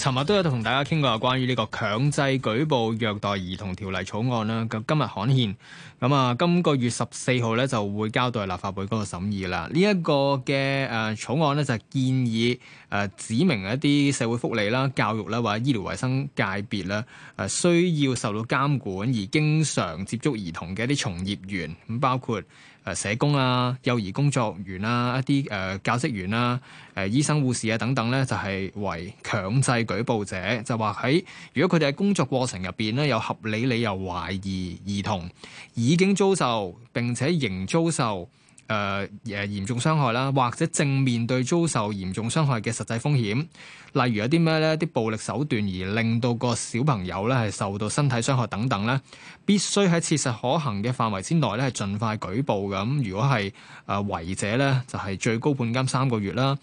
尋日都有同大家傾過啊，關於呢個強制舉報虐待兒童條例草案啦。咁今日刊憲，咁啊，今個月十四號咧就會交代立法會嗰個審議啦。呢、這、一個嘅誒草案咧就係建議誒指明一啲社會福利啦、教育啦或者醫療衞生界別啦誒需要受到監管而經常接觸兒童嘅一啲從業員，咁包括。社工啊、幼兒工作員啊、一啲、呃、教職員啦、啊、誒、呃、醫生護士啊等等咧，就係、是、為強制舉報者，就話喺如果佢哋喺工作過程入面咧，有合理理由懷疑兒童已經遭受並且仍遭受。誒、呃、嚴重傷害啦，或者正面對遭受嚴重傷害嘅實際風險，例如有啲咩咧，啲暴力手段而令到個小朋友咧係受到身體傷害等等咧，必須喺切實可行嘅範圍之內咧，係盡快舉報。咁如果係誒、呃、違者咧，就係、是、最高判監三個月啦。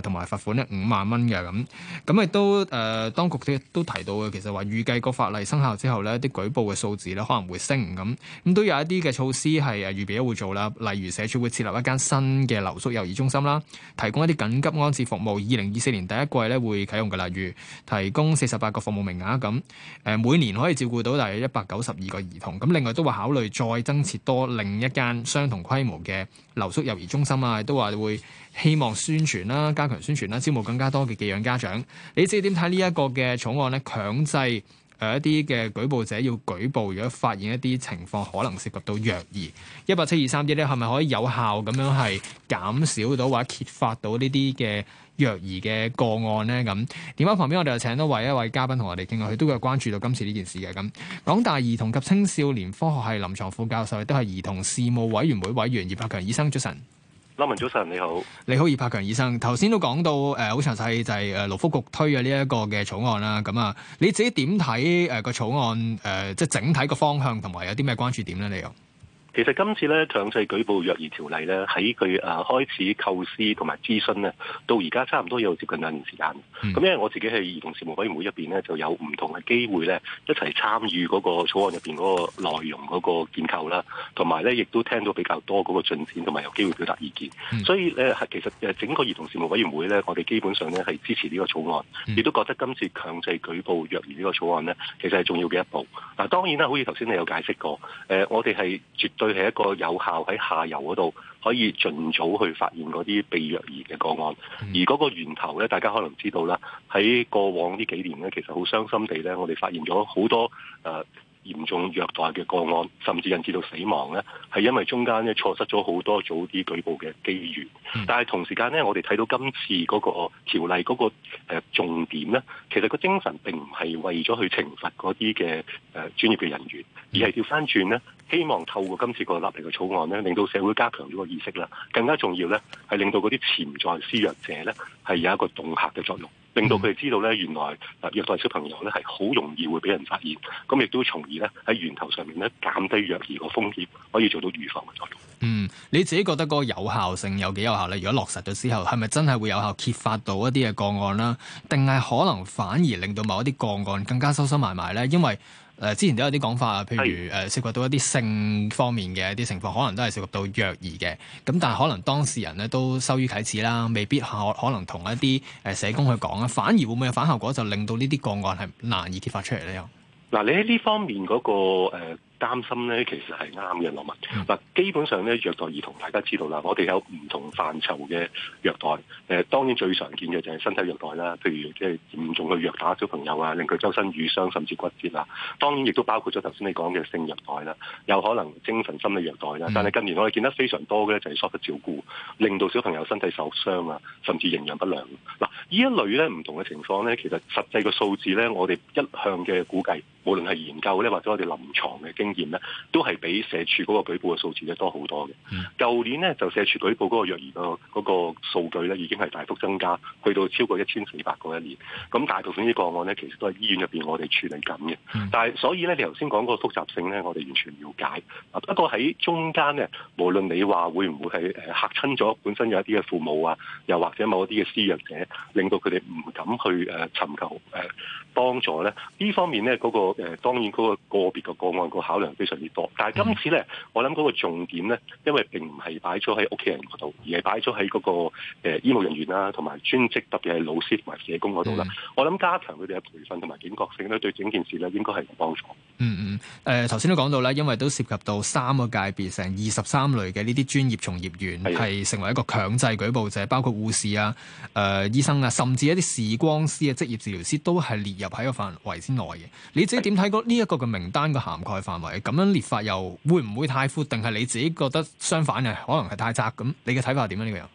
同埋罰款咧五萬蚊嘅咁，咁亦都誒、呃、當局都提到嘅，其實話預計個法例生效之後咧，啲舉報嘅數字咧可能會升咁，咁都有一啲嘅措施係誒預備會做啦，例如社署會設立一間新嘅留宿幼兒中心啦，提供一啲緊急安置服務。二零二四年第一季咧會啟用嘅，例如提供四十八個服務名額咁，誒每年可以照顧到大概一百九十二個兒童。咁另外都會考慮再增設多另一間相同規模嘅留宿幼兒中心啊，都話會希望宣傳啦。加強宣傳啦，招募更加多嘅寄養家長。你知點睇呢一個嘅草案咧，強制誒一啲嘅舉報者要舉報，如果發現一啲情況可能涉及到虐兒，一八七二三一咧，係咪可以有效咁樣係減少到或者揭發到呢啲嘅虐兒嘅個案咧？咁電話旁邊我哋又請到位一位嘉賓同我哋傾下，佢都有關注到今次呢件事嘅咁。港大兒童及青少年科學系臨床副教授，亦都係兒童事務委員會委員葉柏強醫生，早晨。文早晨，你好，你好葉柏強醫生。頭先都講到誒，好詳細就係誒，勞福局推嘅呢一個嘅草案啦。咁啊，你自己點睇誒個草案誒，即、呃、係整體個方向同埋有啲咩關注點咧？你又？其實今次咧強制舉報虐兒條例咧喺佢啊開始構思同埋諮詢咧，到而家差唔多有接近兩年時間。咁、嗯、因為我自己喺兒童事務委員會入邊咧，就有唔同嘅機會咧一齊參與嗰個草案入邊嗰個內容嗰個建構啦，同埋咧亦都聽到比較多嗰個進展同埋有機會表達意見。嗯、所以咧係其實誒整個兒童事務委員會咧，我哋基本上咧係支持呢個草案，亦、嗯、都覺得今次強制舉報虐兒呢個草案咧，其實係重要嘅一步。嗱、啊、當然啦，好似頭先你有解釋過，誒、呃、我哋係絕對，係一個有效喺下游嗰度可以盡早去發現嗰啲被虐兒嘅個案，而嗰個源頭咧，大家可能知道啦。喺過往呢幾年咧，其實好傷心地咧，我哋發現咗好多誒。呃嚴重虐待嘅個案，甚至引致到死亡咧，係因為中間咧錯失咗好多早啲舉報嘅機遇。但係同時間咧，我哋睇到今次嗰個條例嗰個重點咧，其實個精神並唔係為咗去懲罰嗰啲嘅誒專業嘅人員，而係調翻轉咧，希望透過今次個立例嘅草案咧，令到社會加強咗個意識啦。更加重要咧，係令到嗰啲潛在施虐者咧，係有一個動嚇嘅作用。嗯，令到佢哋知道咧，原來虐待小朋友咧係好容易會俾人發現，咁亦都從而咧喺源頭上面咧減低虐兒個風險，可以做到預防嘅作用。嗯，你自己覺得嗰個有效性有幾有效咧？如果落實咗之後，係咪真係會有效揭發到一啲嘅個案啦？定係可能反而令到某一啲個案更加收收埋埋咧？因為誒之前都有啲講法啊，譬如誒涉及到一啲性方面嘅一啲情況，可能都係涉及到虐兒嘅，咁但係可能當事人咧都羞於啟齒啦，未必可可能同一啲誒社工去講啊，反而會唔會有反效果，就令到呢啲個案係難以揭發出嚟咧又？嗱，你喺呢方面嗰個誒擔心咧，其實係啱嘅，羅文。嗱、嗯，基本上咧，虐待兒童大家知道啦，我哋有唔同範疇嘅虐待。誒、呃，當然最常見嘅就係身體虐待啦，譬如即係嚴重嘅虐打小朋友啊，令佢周身瘀傷甚至骨折啊。當然亦都包括咗頭先你講嘅性虐待啦，有可能精神心理虐待啦。但係近年我哋見得非常多嘅咧，就係疏忽照顧，令到小朋友身體受傷啊，甚至營養不良。嗱。呢一類咧，唔同嘅情況咧，其實實際嘅數字咧，我哋一向嘅估計，無論係研究咧或者我哋臨床嘅經驗咧，都係比社署嗰個舉報嘅數字咧多好多嘅。舊年咧就社署舉報嗰個虐兒嗰個數據咧，已經係大幅增加，去到超過一千四百個一年。咁大部分啲個案咧，其實都係醫院入面我哋處理緊嘅。 但係所以咧，你頭先講個複雜性咧，我哋完全了解。不過喺中間咧，無論你話會唔會係誒嚇親咗本身有一啲嘅父母啊，又或者某一啲嘅施虐者，令到佢哋唔敢去誒、呃、尋求誒、呃、幫助咧，呢方面咧嗰、那個、呃、當然嗰個個別嘅個案個考量非常之多。但係今次咧，嗯、我諗嗰個重點咧，因為並唔係擺咗喺屋企人嗰度，而係擺咗喺嗰個、呃、醫務人員啦，同埋專職特別係老師同埋社工嗰度啦。嗯、我諗加強佢哋嘅培訓同埋警覺性咧，對整件事咧應該係有幫助。嗯嗯，誒頭先都講到啦，因為都涉及到三個界別成二十三類嘅呢啲專業從業員，係的成為一個強制舉報者，包括護士啊、誒、呃、醫生啊。甚至一啲視光師嘅職業治療師都係列入喺個範圍之內嘅。你自己點睇過呢一個嘅名單嘅涵蓋範圍？咁樣列法又會唔會太闊？定係你自己覺得相反嘅，可能係太窄？咁你嘅睇法係點樣？呢個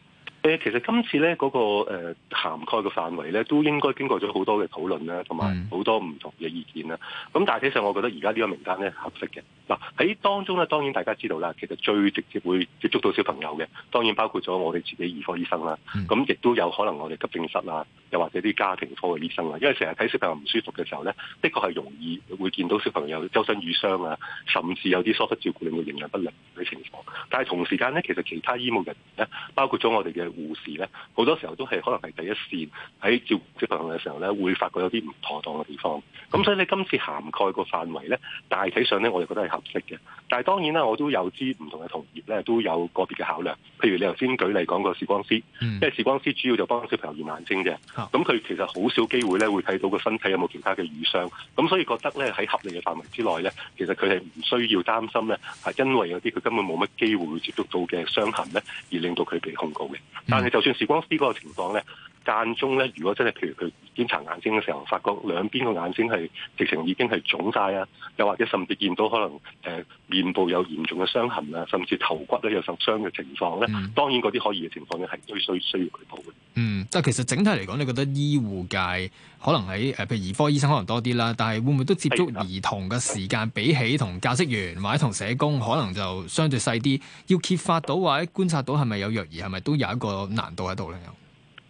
其實今次咧嗰、嗰個、呃、涵蓋嘅範圍咧，都應該經過咗好多嘅討論啦，同埋好多唔同嘅意見啦。咁大體上，我覺得而家呢個名單咧係合適嘅。嗱，喺當中咧，當然大家知道啦，其實最直接會接觸到小朋友嘅，當然包括咗我哋自己兒科醫生啦。咁亦、mm. 都有可能我哋急症室啦。又或者啲家庭科嘅醫生啊，因為成日睇小朋友唔舒服嘅時候咧，的確係容易會見到小朋友周身瘀傷啊，甚至有啲疏忽照顧令到營養不良嘅情況。但係同時間咧，其實其他醫務人員咧，包括咗我哋嘅護士咧，好多時候都係可能係第一線喺照顧小朋友嘅時候咧，會發覺有啲唔妥當嘅地方。咁所以你今次涵蓋個範圍咧，大體上咧，我哋覺得係合適嘅。但係當然啦，我都有知唔同嘅同業咧都有個別嘅考量。譬如你頭先舉例講個視光師，mm. 因為視光師主要就幫小朋友驗眼睛嘅。咁佢、嗯、其實好少機會咧，會睇到個身體有冇其他嘅瘀傷，咁所以覺得咧喺合理嘅範圍之內咧，其實佢係唔需要擔心咧、啊，因為有啲佢根本冇乜機會會接觸到嘅傷痕咧，而令到佢被控告嘅。但係就算視光師嗰個情況咧。間中咧，如果真係，譬如佢檢查眼睛嘅時候，發覺兩邊個眼睛係直情已經係腫晒啊，又或者甚至見到可能誒、呃、面部有嚴重嘅傷痕啊，甚至頭骨咧有受傷嘅情況咧，當然嗰啲可疑嘅情況咧，係最需需要佢報嘅。嗯，但係其實整體嚟講，你覺得醫護界可能喺誒，譬如兒科醫生可能多啲啦，但係會唔會都接觸兒童嘅時間比起同教職員或者同社工可能就相對細啲？要揭發到或者觀察到係咪有虐兒，係咪都有一個難度喺度咧？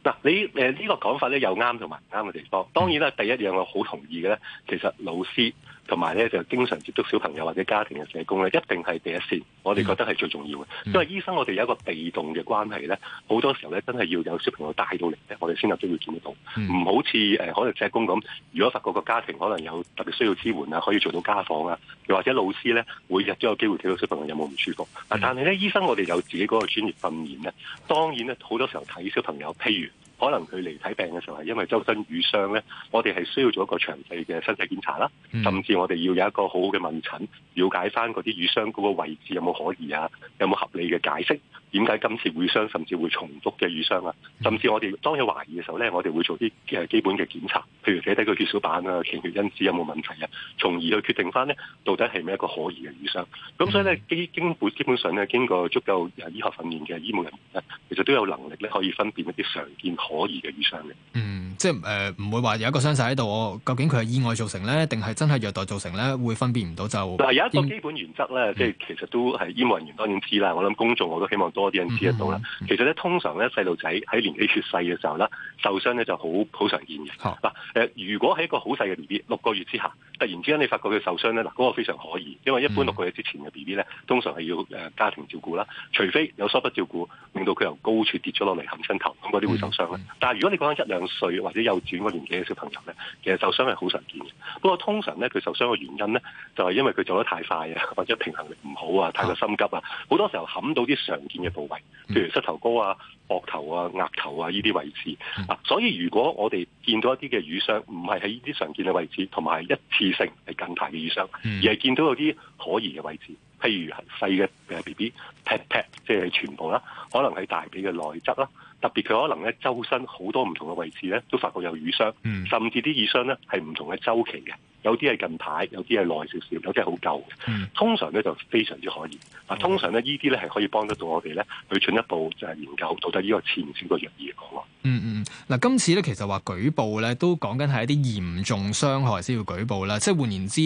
嗱，你誒呢個講法咧有啱同埋唔啱嘅地方，當然啦，第一樣我好同意嘅咧，其實老師。同埋咧，就經常接觸小朋友或者家庭嘅社工咧，一定係第一線，我哋覺得係最重要嘅。Mm hmm. 因為醫生，我哋有一個被動嘅關係咧，好多時候咧，真係要有小朋友帶到嚟咧，我哋先有機會見得到。唔好似誒可能社工咁，如果發覺個家庭可能有特別需要支援啊，可以做到家訪啊，又或者老師咧，每日都有機會睇到小朋友有冇唔舒服。Mm hmm. 啊，但係咧，醫生我哋有自己嗰個專業訓練咧，當然咧，好多時候睇小朋友，譬如。可能佢嚟睇病嘅時候係因為周身瘀傷咧，我哋係需要做一個詳細嘅身體檢查啦，甚至我哋要有一個好好嘅問診，了解翻嗰啲瘀傷嗰個位置有冇可疑啊，有冇合理嘅解釋。點解今次會瘀傷甚至會重複嘅瘀傷啊？甚至我哋當佢懷疑嘅時候咧，我哋會做啲基本嘅檢查，譬如睇睇佢血小板啊、凝血、血因子有冇問題啊，從而去決定翻咧到底係咪一個可疑嘅瘀傷。咁所以咧基基本基本上咧經過足夠誒醫學訓練嘅醫務人員咧，其實都有能力咧可以分辨一啲常見可疑嘅瘀傷嘅。嗯，即係誒唔會話有一個傷勢喺度，究竟佢係意外造成咧，定係真係虐待造成咧，會分辨唔到就嗱有一個基本原則咧，嗯、即係其實都係醫務人員當然知啦。我諗公眾我都希望。多啲人知得到啦。嗯嗯嗯、其實咧，通常咧細路仔喺年紀越細嘅時候咧，受傷咧就好好常見嘅。嗱、啊，誒、呃，如果喺一個好細嘅 B B，六個月之下，突然之間你發覺佢受傷咧，嗱，嗰個非常可疑，因為一般六個月之前嘅 B B 咧，通常係要誒、呃、家庭照顧啦，除非有疏忽照顧，令到佢由高處跌咗落嚟冚親頭，咁嗰啲會受傷咧。嗯嗯、但係如果你講緊一兩歲或者幼轉個年紀嘅小朋友咧，其實受傷係好常見嘅。不過通常咧，佢受傷嘅原因咧，就係、是、因為佢做得太快啊，或者平衡力唔好啊，太過心急啊，好、啊、多時候冚到啲常見嘅部位，譬、嗯、如膝頭高啊、膊頭啊、額頭啊呢啲位置啊，嗯、所以如果我哋見到一啲嘅瘀傷，唔係喺呢啲常見嘅位置，同埋一次性係近排嘅瘀傷，嗯、而係見到有啲可疑嘅位置，譬如細嘅 BB pet pet，即係全部啦，可能喺大髀嘅內側啦，特別佢可能咧周身好多唔同嘅位置咧都發覺有瘀傷，嗯、甚至啲瘀傷咧係唔同嘅周期嘅。有啲係近排，有啲係耐少少，有啲係好舊嘅。通常咧就非常之可疑。嗱、嗯，通常咧呢啲咧係可以幫得到我哋咧去進一步就係研究到底呢個前線個藥醫嘅喎。嗯嗯，嗱，今次咧其實話舉報咧都講緊係一啲嚴重傷害先要舉報啦。即係換言之，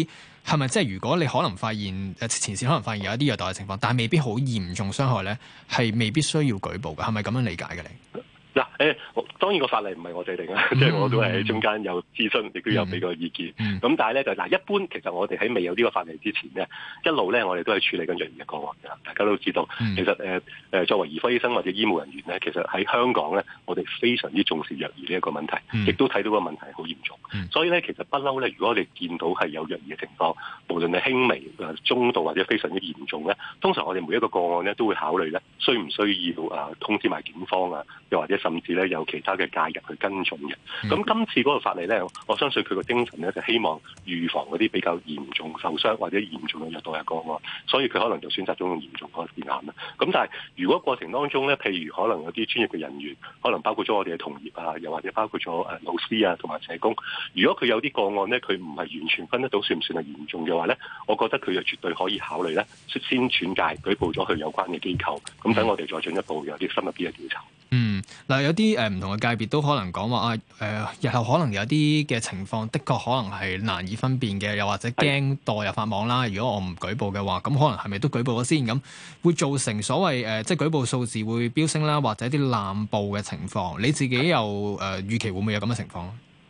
係咪即係如果你可能發現誒前線可能發現有一啲虐待嘅情況，但係未必好嚴重傷害咧，係未必需要舉報嘅。係咪咁樣理解嘅你？嗱，誒當然個法例唔係我制定啦，即、嗯、 我都係喺中間有諮詢，亦、嗯、都有俾個意見。咁、嗯、但係咧就嗱、是，一般其實我哋喺未有呢個法例之前咧，一路咧我哋都係處理緊虐兒嘅個案嘅。大家都知道，嗯、其實誒作為兒科醫生或者醫務人員咧，其實喺香港咧，我哋非常之重視虐兒呢一個問題，嗯、亦都睇到個問題好嚴重。嗯、所以咧，其實不嬲咧，如果我哋見到係有虐兒嘅情況，無論係輕微、中度或者非常之嚴重咧，通常我哋每一個個案咧都會考慮咧，需唔需要啊通知埋警方啊，又或者甚至咧有其他嘅介入去跟進嘅。咁今次嗰個法例咧，我相信佢個精神咧就希望預防嗰啲比較嚴重受傷或者嚴重嘅虐待嘅個案，所以佢可能就選擇咗用嚴重個字眼啦。咁但係如果過程當中咧，譬如可能有啲專業嘅人員，可能包括咗我哋嘅同業啊，又或者包括咗、呃、老師啊，同埋社工，如果佢有啲個案咧，佢唔係完全分得到算唔算係嚴重嘅話咧，我覺得佢就絕對可以考慮咧率先轉介，舉報咗佢有關嘅機構，咁等我哋再進一步有啲深入啲嘅調查。嗯，嗱有啲呃、唔同嘅界別都可能講話啊、呃，日後可能有啲嘅情況，的確可能係難以分辨嘅，又或者驚代入法網啦。如果我唔舉報嘅話，咁可能係咪都舉報咗先？咁會造成所謂、呃、即係舉報數字會飆升啦，或者啲濫報嘅情況。你自己又誒、呃、預期會唔會有咁嘅情況？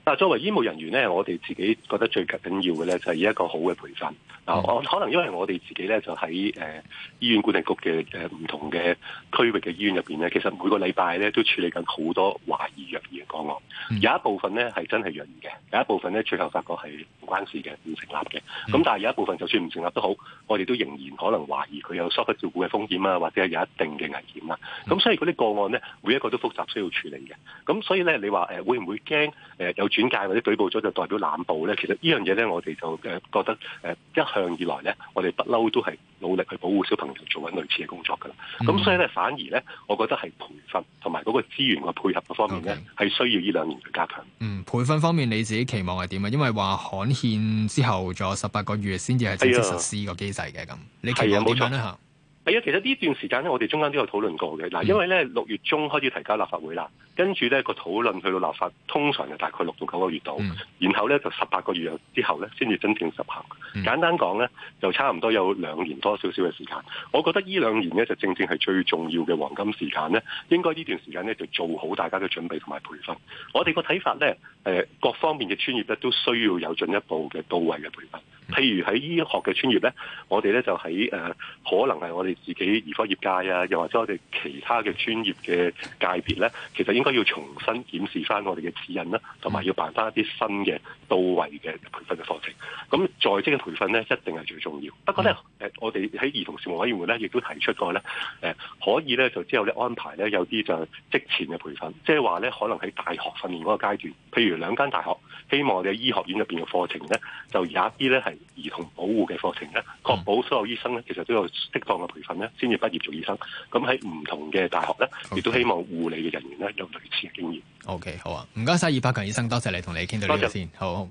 但作為醫務人員咧，我哋自己覺得最緊要嘅咧就係一個好嘅培訓。嗱、嗯，我可能因為我哋自己咧就喺誒、呃、醫院管理局嘅唔、呃、同嘅區域嘅醫院入面咧，其實每個禮拜咧都處理緊好多懷疑虐兒嘅個案。嗯，有，有一部分咧係真係虐兒嘅，有一部分咧最後發覺係唔關事嘅，唔成立嘅。咁、嗯、但係有一部分就算唔成立都好，我哋都仍然可能懷疑佢有疏忽照顧嘅風險啊，或者係有一定嘅危險啦。咁、嗯、所以嗰啲個案咧每一個都複雜，需要處理嘅。咁所以咧你話、呃、會唔會驚、呃、有？轉介或者舉報咗就代表濫報咧，其實呢樣嘢咧，我哋就誒覺得一向以來咧，我哋不嬲都係努力去保護小朋友做緊類似嘅工作㗎啦。咁、嗯、所以咧，反而咧，我覺得係培訓同埋嗰個資源嘅配合嘅方面咧，係 Okay. 需要呢兩年去加強。嗯，培訓方面你自己期望係點啊？因為話刊憲之後仲有十八個月先至係正式實施個機制嘅，咁，啊、你期望點樣呢？係啊，其實呢段時間咧，我哋中間都有討論過嘅。嗱，因為咧六月中開始提交立法會啦，跟住咧個討論去到立法，通常就大概六到九個月度，然後咧就十八個月之後咧，先至真正實行。簡單講咧，就差唔多有兩年多少少嘅時間。我覺得呢兩年咧就正正係最重要嘅黃金時間咧，應該呢段時間咧就做好大家嘅準備同埋培訓。我哋個睇法咧，誒各方面嘅專業咧都需要有進一步嘅到位嘅培訓。譬如喺醫學嘅專業咧，我哋咧就喺誒、呃、可能係我哋自己兒科業界啊，又或者我哋其他嘅專業嘅界別咧，其實應該要重新檢視翻我哋嘅指引啦，同埋要辦翻一啲新嘅到位嘅培訓嘅課程。咁在職嘅培訓咧，一定係最重要。不過咧，我哋喺兒童事務委員會咧，亦都提出過咧、呃，可以咧就之後咧安排咧有啲就職前嘅培訓，即係話咧可能喺大學訓練嗰個階段，譬如兩間大學。希望我哋醫學院入邊嘅課程呢，就有一啲呢係兒童保護嘅課程呢，確保所有醫生呢，其實都有適當嘅培訓呢，先至畢業做醫生。咁喺唔同嘅大學呢，Okay. 亦都希望護理嘅人員呢，有類似嘅經驗。OK，好啊，唔該晒葉柏強醫生，多謝你，同你傾到呢度先，謝謝。好。好，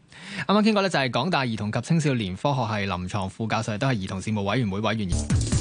啱啱傾過呢，就係港大兒童及青少年科學系臨牀副教授，都係兒童事務委員會委員會。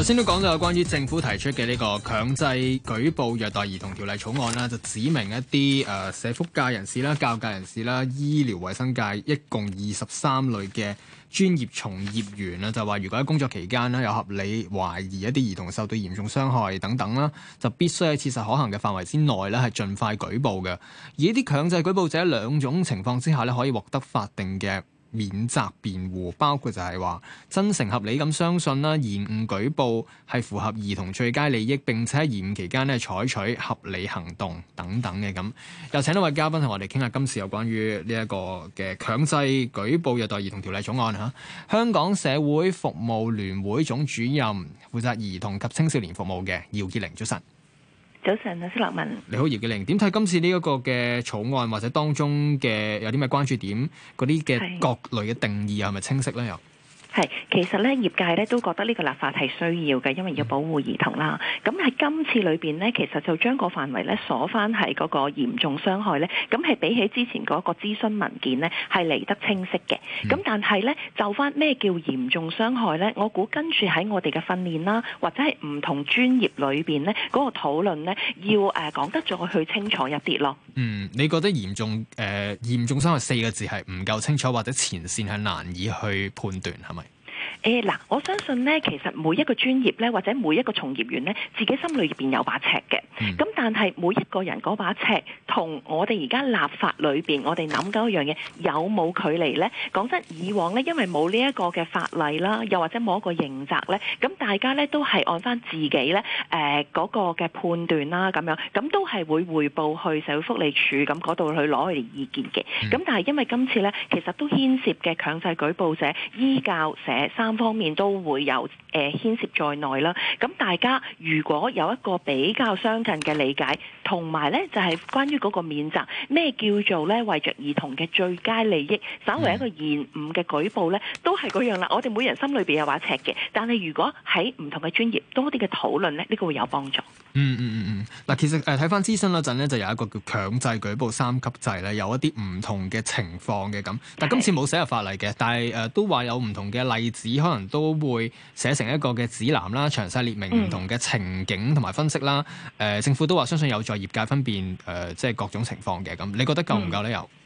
頭先都講到有關於政府提出嘅呢個強制舉報虐待兒童條例草案啦，就指明一啲誒社福界人士啦、教界人士啦、醫療衛生界一共二十三類嘅專業從業員啦，就話如果喺工作期間呢，有合理懷疑一啲兒童受到嚴重傷害等等啦，就必須喺切實可行嘅範圍之內咧係盡快舉報嘅。而呢啲強制舉報者兩種情況之下咧，可以獲得法定嘅。免責辯護，包括就係話真誠合理咁相信啦，延誤舉報係符合兒童最佳利益，並且喺延誤期間咧採取合理行動等等嘅。咁又請一位嘉賓同我哋傾下今次有關於呢一個嘅強制舉報虐待兒童條例草案吓。香港社會服務聯會總主任，負責兒童及青少年服務嘅姚潔玲早晨。早晨啊，施立文，你好，姚潔玲。點睇今次呢一個嘅草案，或者當中嘅有啲咩關注點，嗰啲嘅各類嘅定義係咪的清晰咧？又？係，其實咧業界咧都覺得呢個立法係需要嘅，因為要保護兒童啦。咁喺今次裏面呢，其實就將個範圍咧鎖翻喺嗰個嚴重傷害咧，咁係比起之前嗰個諮詢文件呢，係嚟得清晰嘅。咁但係咧，就翻咩叫嚴重傷害咧？我估跟住喺我哋嘅訓練啦，或者係唔同專業裏面咧嗰個討論咧，要誒講得再去清楚一啲咯。嗯，你覺得嚴重誒、呃、嚴重傷害四個字係唔夠清楚，或者前線係難以去判斷係咪？誒嗱，我相信咧，其實每一個專業咧，或者每一個從業員咧，自己心裏邊有把尺嘅。咁、嗯、但係每一個人嗰把尺，同我哋而家立法裏面，我哋諗緊一樣嘢，有冇距離呢？講真，以往咧，因為冇呢一個嘅法例啦，又或者冇一個認責咧，咁大家咧都係按翻自己咧嗰、呃嗰個嘅判斷啦，咁樣咁都係會回報去社會福利處，咁嗰度去攞佢哋意見嘅。咁、嗯、但係因為今次咧，其實都牽涉嘅強制舉報者醫教社。三方面都會有誒牽涉在內啦。咁大家如果有一個比較相近嘅理解，同埋咧就係關於嗰個免責，咩叫做咧為着兒童嘅最佳利益，稍為一個延誤嘅舉報咧，都係嗰樣啦。我哋每人心裏邊有把尺嘅，但係如果喺唔同嘅專業多啲嘅討論咧，呢、這個會有幫助。嗯嗯嗯嗯，嗱、嗯嗯，其實誒睇翻諮詢嗰陣咧，就有一個叫強制舉報三級制咧，有一啲唔同嘅情況嘅咁。但今次冇寫入法例嘅，但係誒、呃、都話有唔同嘅例子。可能都會寫成一個嘅指南啦，詳細列明唔同嘅情景同埋分析啦。誒、嗯呃，政府都話相信有助業界分辨誒，即係各種情況嘅咁。你覺得夠唔夠理由？嗯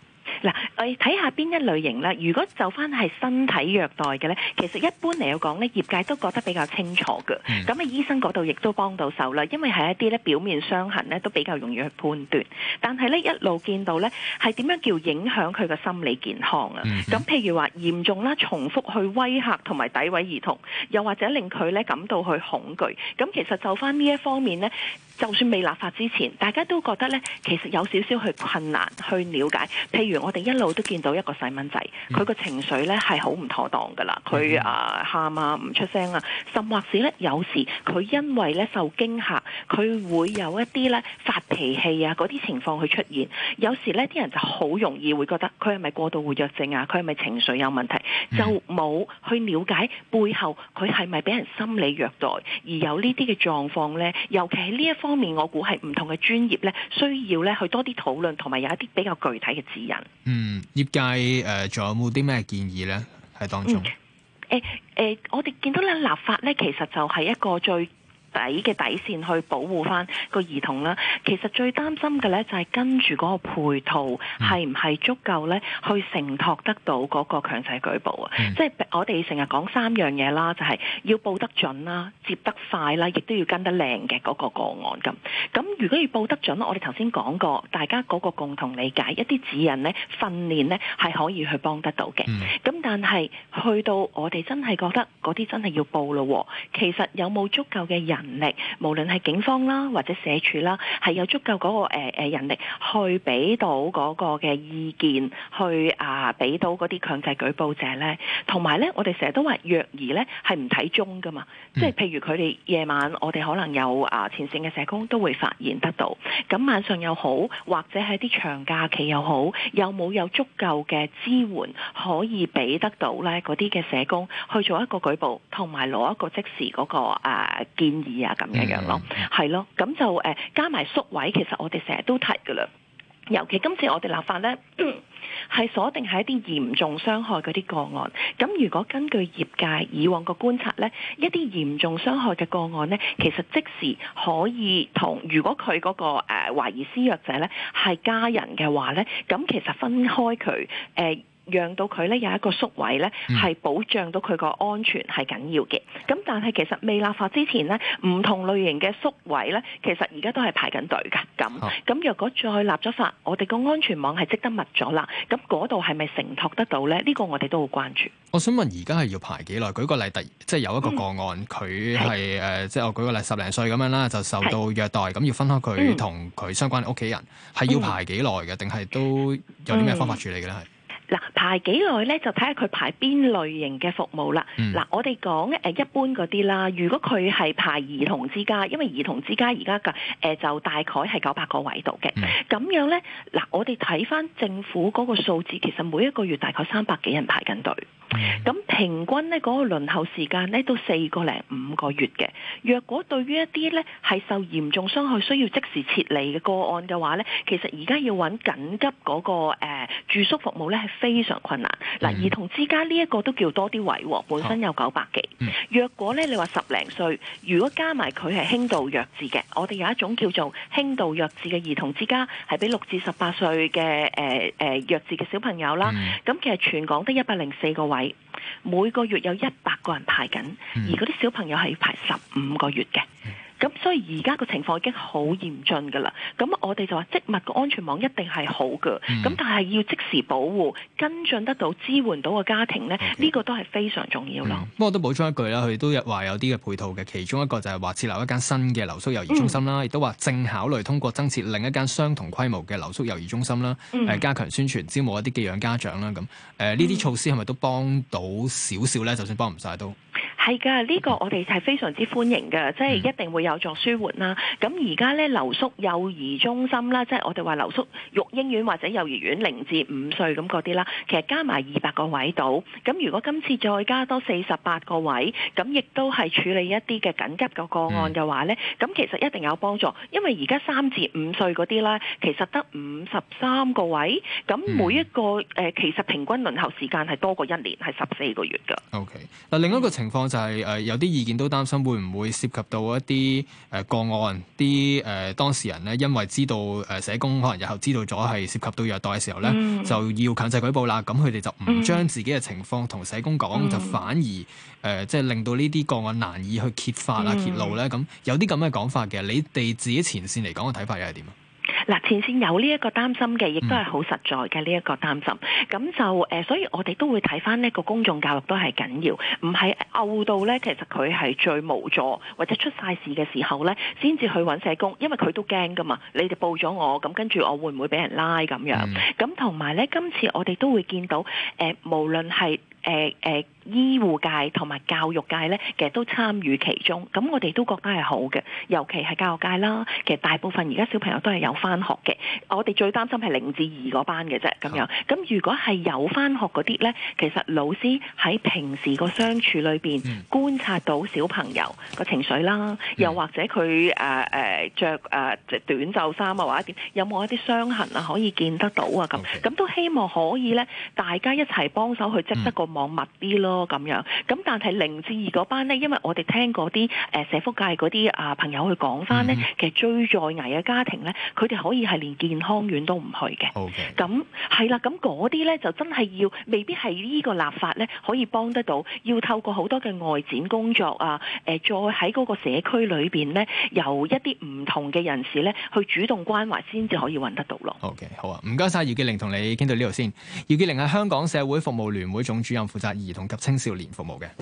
嗱，誒睇下邊一類型咧？如果就翻係身體虐待嘅咧，其實一般嚟講咧，業界都覺得比較清楚嘅。咁啊、mm，hmm. 醫生嗰度亦都幫到手啦，因為係一啲咧表面傷痕咧都比較容易去判斷。但係咧一路見到咧係點樣叫影響佢嘅心理健康啊？咁、mm hmm. 譬如話嚴重啦，重複去威嚇同埋詆毀兒童，又或者令佢咧感到去恐懼。咁其實就翻呢一方面咧，就算未立法之前，大家都覺得咧其實有少少去困難去了解，譬如。如我哋一路都見到一個細蚊仔，佢個情緒咧係好唔妥當㗎喇，佢啊喊啊唔出聲啊，甚或是咧有時佢因為咧受驚嚇，佢會有一啲咧發脾氣啊嗰啲情況去出現。有時呢啲人就好容易會覺得佢係咪過度活躍症啊？佢係咪情緒有問題？就冇去了解背後佢係咪俾人心理虐待而有呢啲嘅狀況呢，尤其係呢一方面，我估係唔同嘅專業咧需要咧去多啲討論同埋有一啲比較具體嘅指引。嗯，業界誒，仲、呃、有冇啲咩建議咧？喺當中誒誒，我哋見到咧立法咧，其實就係一個最底嘅底線去保護翻個兒童啦，其實最擔心嘅咧就係跟住嗰個配套係唔係足夠咧，去承托得到嗰個強制舉報啊！嗯、即係我哋成日講三樣嘢啦，就係、是、要報得準啦、接得快啦，亦都要跟得靚嘅嗰個個案咁。咁如果要報得準，我哋頭先講過大家嗰個共同理解一啲指引咧、訓練咧，係可以去幫得到嘅。咁、嗯、但係去到我哋真係覺得嗰啲真係要報咯，其實有冇足夠嘅人？人力，無論係警方啦，或者社署啦，係有足夠嗰個誒誒人力去俾到嗰個嘅意見去啊俾到嗰啲強制舉報者咧。同埋咧，我哋成日都話虐兒咧係唔睇鐘噶嘛，即係譬如佢哋夜晚，我哋可能有啊前線嘅社工都會發現得到。咁晚上又好，或者係啲長假期又好，有冇有足夠嘅支援可以俾得到咧？嗰啲嘅社工去做一個舉報同埋攞一個即時嗰個誒建議。啊咁嘅樣咯，係咯、嗯，咁就誒加埋縮位，其實我哋成日都提㗎喇。尤其今次我哋立法咧，係鎖定係一啲嚴重傷害嗰啲個案。咁如果根據業界以往個觀察咧，一啲嚴重傷害嘅個案咧，其實即時可以同如果佢嗰個誒懷疑施虐者咧係家人嘅話咧，咁其實分開佢誒。呃讓到佢咧有一個宿位咧，係保障到佢個安全係緊要嘅。咁但係其實未立法之前咧，唔同類型嘅宿位咧，其實而家都係排緊隊噶。咁咁若果再立咗法，我哋個安全網係積得密咗啦。咁嗰度係咪承托得到咧？呢個我哋都好關注。我想問，而家係要排幾耐？舉個例，第即係有一個個案，佢係誒，即係我舉個例，十零歲咁樣啦，就受到虐待，咁要分開佢同佢相關屋企人，係要排幾耐嘅？定係都有啲咩方法處理嘅咧？係？嗱排幾耐咧，就睇下佢排邊類型嘅服務啦。嗱、嗯，我哋講一般嗰啲啦。如果佢係排兒童之家，因為兒童之家而家嘅就大概係九百個位度嘅。咁、嗯、樣咧，嗱我哋睇返政府嗰個數字，其實每一個月大概三百幾人排緊隊。咁、嗯、平均呢嗰、那個輪候時間呢，都四個零五個月嘅。若果對於一啲呢係受嚴重傷害需要即時撤離嘅個案嘅話呢，其實而家要搵緊急嗰、那個誒、呃、住宿服務呢，係非常困難。嗱、嗯，兒童之家呢一個都叫多啲位喎，本身有九百幾。嗯、若果呢，你話十零歲，如果加埋佢係輕度弱智嘅，我哋有一種叫做輕度弱智嘅兒童之家，係畀六至十八歲嘅誒誒弱智嘅小朋友啦。咁、嗯、其實全港得一百零四個位。每個月有一百個人排緊，而嗰啲小朋友係要排十五個月嘅。咁所以而家個情況已經好嚴峻噶啦，咁我哋就話職物，個安全網一定係好噶，咁、嗯、但係要即時保護跟進得到，支援到個家庭咧，呢 Okay. 個都係非常重要咯。不過都補充一句啦，佢都有話有啲嘅配套嘅，其中一個就係話設立一間新嘅留宿幼兒中心啦，亦都話正考慮通過增設另一間相同規模嘅留宿幼兒中心啦，係、嗯、加強宣傳招募一啲寄養家長啦。咁誒呢啲措施係咪都幫到少少咧？就算幫唔晒都。係㗎，呢、呢個我哋係非常之歡迎嘅，即係一定會有助舒緩啦。咁而家呢，留宿幼兒中心啦，即係我哋話留宿育嬰院或者幼兒園零至五歲咁嗰啲啦，其實加埋二百個位度。咁如果今次再加多四十八個位，咁亦都係處理一啲嘅緊急個個案嘅話呢，咁、嗯、其實一定有幫助，因為而家三至五歲嗰啲啦，其實得五十三個位，咁每一個誒、嗯呃、其實平均輪候時間係多過一年，係十四個月㗎。O K. 嗱，另一個情況。嗯就係、是、誒、呃、有啲意見都擔心會唔會涉及到一啲誒、呃、個案，啲誒、呃、當事人咧，因為知道誒、呃、社工可能日後知道咗係涉及到虐待嘅時候咧，mm hmm. 就要強制舉報啦。咁佢哋就唔將自己嘅情況同社工講，mm hmm. 就反而誒即係令到呢啲個案難以去揭發啊、mm hmm. 揭露咧。咁有啲咁嘅講法嘅，你哋自己前線嚟講嘅睇法又係點啊？嗱，前線有呢一個擔心嘅，亦都係好實在嘅呢一個擔心。咁就誒，所以我哋都會睇翻呢個公眾教育都係緊要，唔係漚到咧，其實佢係最無助或者出晒事嘅時候咧，先至去揾社工，因為佢都驚噶嘛。你哋報咗我，咁跟住我會唔會俾人拉咁樣？咁同埋咧，今次我哋都會見到誒、呃，無論係。誒誒、呃呃，醫護界同埋教育界咧，其實都參與其中。咁我哋都覺得係好嘅，尤其係教育界啦。其實大部分而家小朋友都係有翻學嘅，我哋最擔心係零至二嗰班嘅啫。咁樣，咁如果係有翻學嗰啲咧，其實老師喺平時個相處裏邊觀察到小朋友個情緒啦，嗯、又或者佢誒誒著誒短袖衫啊，或者有冇一啲傷痕啊，可以見得到啊，咁咁 Okay. 都希望可以咧，大家一齊幫手去積得個，網密啲咯，咁樣、嗯，咁但係零至二嗰班呢，因為我哋聽嗰啲誒社福界嗰啲啊朋友去講翻呢，其實追在危嘅家庭呢，佢哋可以係連健康院都唔去嘅。OK，咁係啦，咁嗰啲呢，那那就真係要未必係呢個立法呢可以幫得到，要透過好多嘅外展工作啊，誒，再喺嗰個社區裏邊呢，由一啲唔同嘅人士呢去主動關懷，先至可以揾得到咯。OK，好啊，唔該晒。姚潔玲，同你傾到呢度先。姚潔玲係香港社會服務聯會總主任。負責兒童及青少年服務嘅。